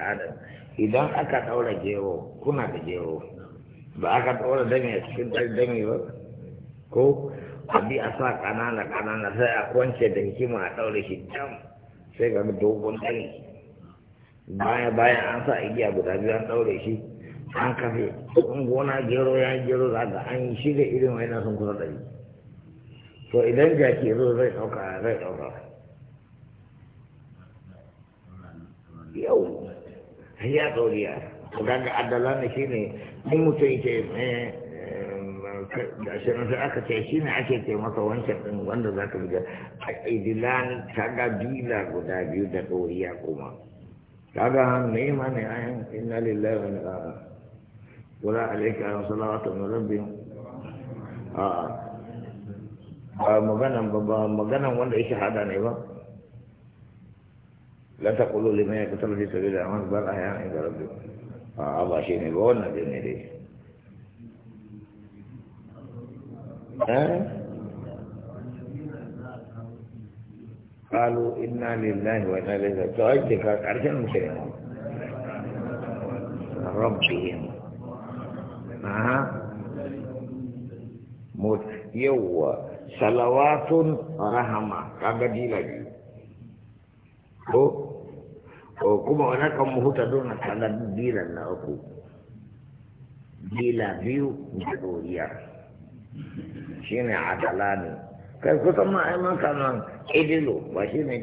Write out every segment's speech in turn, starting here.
al'adar idan aka ɗaura gero kuna da gero ba aka ɗaura dame a cikin dame ba ko a bi a sa ƙanana ƙanana sai a kwance da hikima a ɗaure shi dam sai ga dogon dame baya bayan an sa igiya guda biyu an ɗaure shi an kafe in gona gero ya gero za ga an shirya irin wani sun kusa ɗari to idan jaki zo zai ɗauka zai ɗauka yau sai ya ɗoriya to kaga adala ne shine in mutum yake eh, da shi eh, sai aka ce shi ne ake ce masa wancan ɗin wanda za ka bi da idilani kaga bila guda biyu da ɗoriya kuma kaga ne ma ne eh, ayan inna lillahi wa inna wala alaika wa salawatu min rabbihim a ah. ah, magana maganan ba ba maganan wanda yake hada ne ba لا تقولوا لمن يقتل في سبيل الأعمال بل أحياء عند ربكم آه، الله شيء يقولنا بإذن ليه قالوا إنا لله وإنا إليه تؤجلك عرفنا المسلمون ربهم ها مت يوا صلوات رحمة كبدي لجي ko ko kuma wani kan mahuta dona talar dilan na uku dila biyu da ɗoriya shi ne adala ne kai kusan ma yi man kaman idilo ba shi ne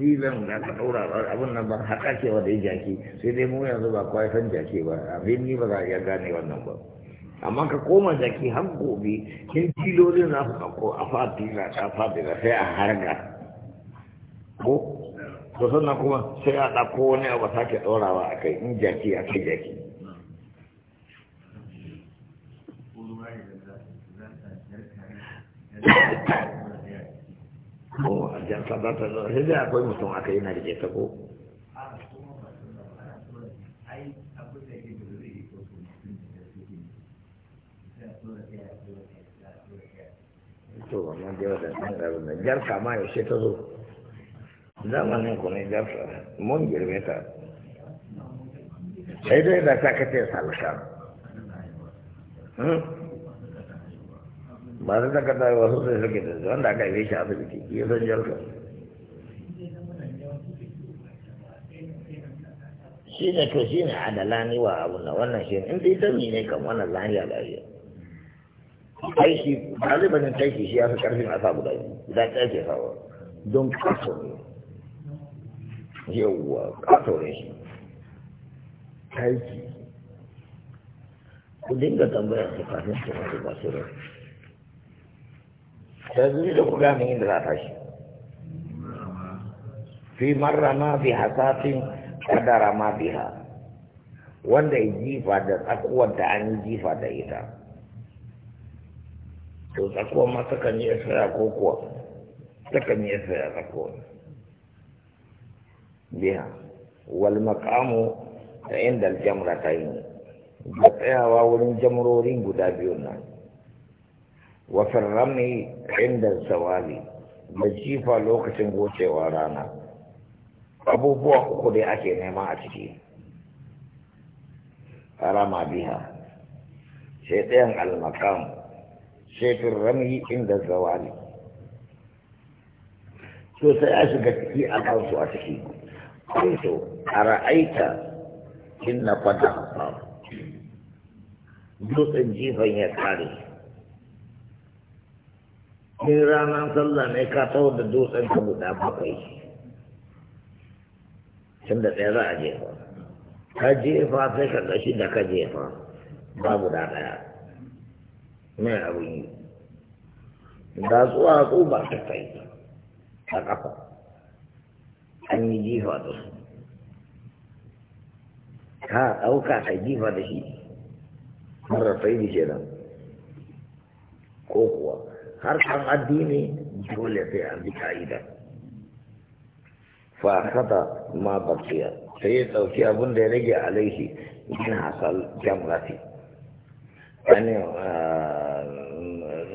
dilan da ka ɗora abin nan ba haka ce wanda ya jaki sai dai mu yanzu ba kawai san jaki ba abin ni ba za a iya gane wannan ba amma ka koma jaki har gobe kin filolin za su ɗauko a fadila ta fadila sai a harga ko to sannan kuma sai a ɗauko wani abu sake ɗorawa a kai in jaki a kai jaki da akwai mutum aka yi na ta ko to wannan da da jarka ma yaushe ta zo zamanin ku ne jarsa mun girme ta sai dai da ta kace salka hmm? ba da ta kada wasu sai suke da wanda aka yi shi a asibiti ya san jarsa shi ne to shi ne adalani wa abu na wannan shi ne inda ita ne kan wannan lahiya lahiya kai shi ɗalibanin kai shi ya fi ƙarfin asa guda biyu guda ɗaya ke sawa don kaso ne yawwa kato da shi taiki ku dinga tambayar su kafin su masu basu su rai da zuri da ku gane inda za ta shi fi marra ma fi hasatin kadara ma biha wanda ya jifa da tsakuwar da an jifa da ita to tsakuwar ma takan yi ya saya ko kuwa takan yi saya tsakuwar biha wal maqamu inda al-jamratayn da tsayawa wurin jamrorin guda biyu nan wa farrami inda zawali da jifa lokacin gocewa rana abubuwa uku dai ake nema a ciki rama biha sai tsayan al-maqam sai farrami inda zawali to sai a shiga ciki a kansu a ciki ara'aita inna إن qad أخطأ dutsen jifan ya kare in ranar sallah ne ka taho da dutsen ka guda bakwai can da tsaye za a jefa ka jefa sai ka gashi da ka jefa ba guda ɗaya mai abin yi da ko ba ta kai a ƙafa an yi jifa da su ka ɗauka ka jifa da shi marrafai da ke nan ko kuwa har kan addini dole sai an bi ka'ida fa kada ma bakiya sai ya ɗauki abin da ya rage alaihi min hasal jamrati yani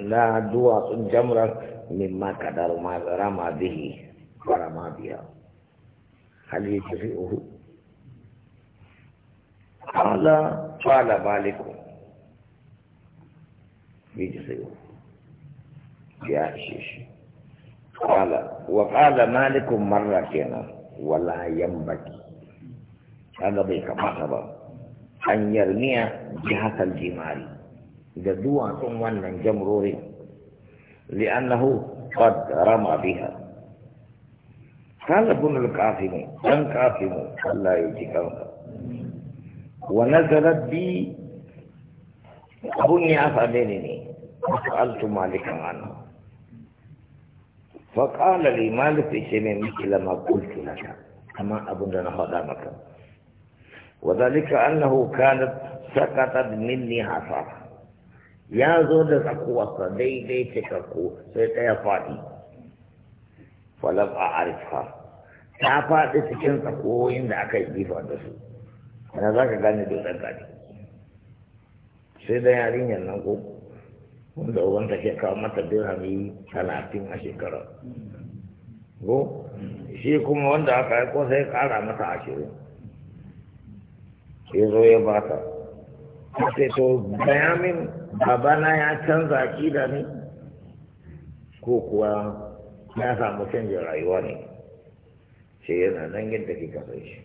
na duwatsun jamrar min ma kadar ma bihi wa ma biya هل يجزئه قال قال مالك يجزئه يا شيش قال وقال مالك مرة كنا ولا ينبغي هذا بيك مرحبا أن يرمي جهة الجمال إذا دوا ثم أن جمروه لأنه قد رمى بها kalabun al-kafimu dan kafimu Allah ya ji kawo wa nazarar bi abun ya faɗe ne ne al-tu malikan ana faƙala ne malufi ce mai miki lama kulki na ta amma abin da na faɗa maka wa zalika annahu kana sakata min ni hafa ya zo da zakuwa ka daidai ce ka ko sai ɗaya faɗi falaf a arifa ta faɗi cikin tsakoyin da aka yi jifa da su ana za ka gane dutsen gani sai da yarinyar nan ko wanda wanda ke kawo mata dirhami talatin a shekara ko shi kuma wanda aka yi ko sai ƙara mata ashirin ya zo ya ba ta sai to bayamin babana ya canza ki da ni, ko kuwa ya samu canjin rayuwa ne sai yana nan yadda ke kafa shi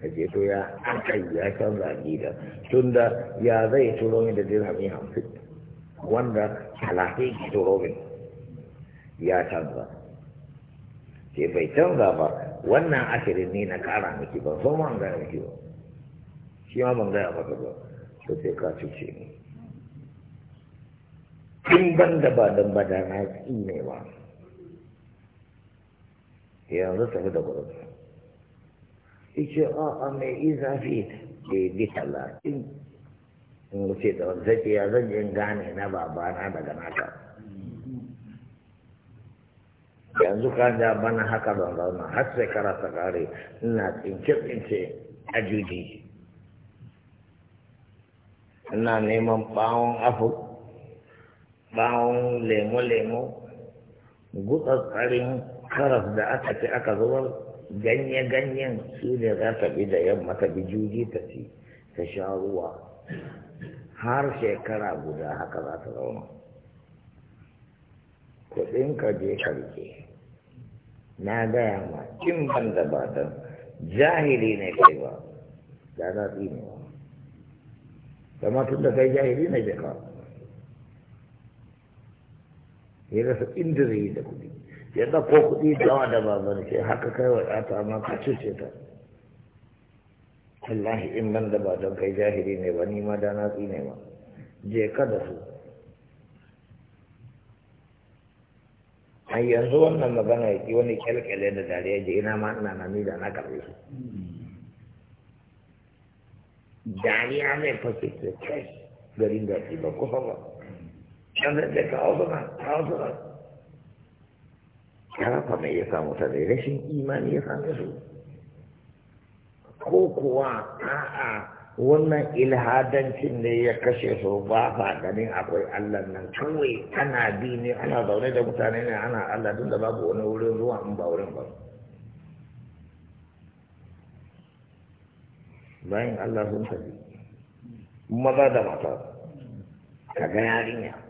ka ce to ya aka ya canza aƙida tun da ya zai turo min da dirhami hamsin wanda talatin ki turo min ya canza ce bai canza ba wannan ashirin ne na kara miki ban so man gaya miki ba shi ma ban gaya maka ba to sai ka cuce ni in ban da ba don ba da na ƙi ne ba yanzu tafi da gurin ice a a mai izafi da ya bi talatin in wuce da wanda ce ya zan jin na babana na aka. yanzu ka bana haka ban zauna har sai kara ta kare ina tsince a neman bawon afu bawon lemo lemo gutsatsarin karas da aka ce aka zubar ganye-ganyen su ne za ta bi da yamma ta bi juji ta ci ta sha ruwa har shekara guda haka za ta zauna kudin ka je karke na gaya ma Kin ban da batan jahili ne kai ba da za ne ba kamar tun da kai jahili ne kai ba ya rasa inda zai yi da kuɗi ya ɗauko kuɗi da da babar ce haka kai wa ɗata amma ka cuce ta wallahi in ban da ba don kai jahili ne ba ni ma da na tsine ma je ka da su a yanzu wannan magana ya ki wani kyalkyale da dariya je ina ma ina nami da na karɓe su dariya mai fashe kai garin da ba kusa ba sannan da ka hausuna ka hausuna ya rafa mai ya samu ta da rashin imani ya same su ko kuwa a'a wannan ilhadancin ne ya kashe su ba sa ganin akwai Allah nan kawai ana bi ne ana zaune da mutane ne ana Allah tun da babu wani wurin zuwa in ba wurin ba bayan Allah sun tafi maza da mata ka ga yarinya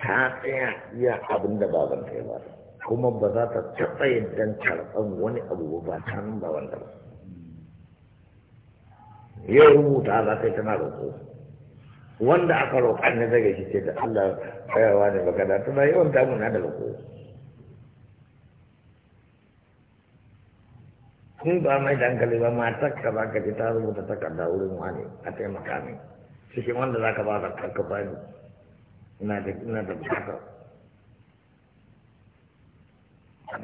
ta tsaya iya abin da baban ta ba kuma ba za ta taɓa yadda karɓan wani abu ba ta nan ba wanda ba ya rubuta za ta yi tana roƙo wanda aka roƙa ne daga shi ce da Allah tsayawa ne baka da tana yawan damuna da roƙo kun ba mai dankali ba matar ka ba ka ji ta rubuta takarda wurin wani a taimaka ne cikin wanda za ka ba ka ka bani ina da ina da bukata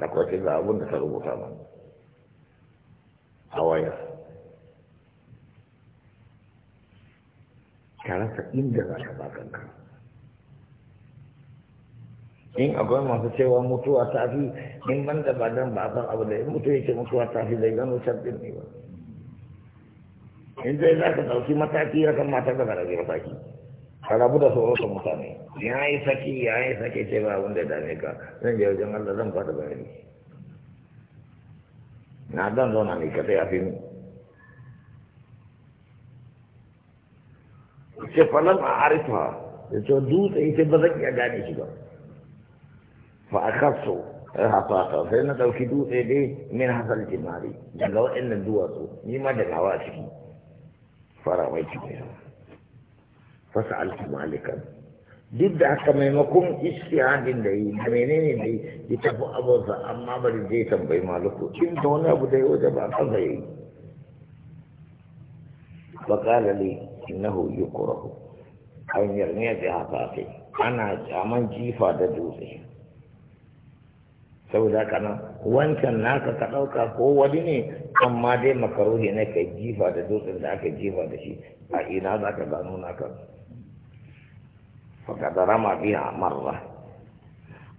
da kwace ga abin da ta rubuta ba a waya ka rasa inda za ka ba kanka in akwai masu cewa mutuwa ta fi in ban da ba dan ba san abu da in mutu yake mutuwa ta fi da gano shaddin ne ba in dai za ka ɗauki mataki ya kan mata da ka ɗauki mataki rabu da tsoron mutane ya yi saki ya yi saki ce ba abin ya dame ka zan je wajen Allah zan fada bayani na dan zauna ne ka sai a fi ce falan a arifa da ce dutse ita ba zan iya gane shi ba fa a kaso eh, hafata sai na ɗauki dutse dai min hasal jimari daga waɗannan duwatsu ni ma da nawa a ciki fara mai cikin fasa'altu malikan duk da haka maimakon istihadin da yi da menene da yi ya tafi abinsa amma bari zai tambayi maluku in da wani abu da ya waje ba kan zai yi bakala ne innahu kurahu an ne da haka ce ana caman jifa da dutse saboda haka nan wancan naka ka ɗauka ko wani ne amma dai makaruhi na ka jifa da dutsen da aka jifa da shi a ina za ka gano naka فقد رمى بها مرة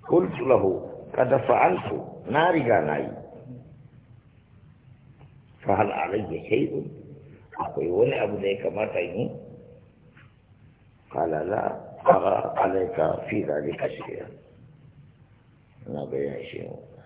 قلت له قد فعلت ناري قاناي فهل علي شيء أخوي ولا أبو ذيك ما تيني قال لا أرى عليك في ذلك شيئا نبي شيء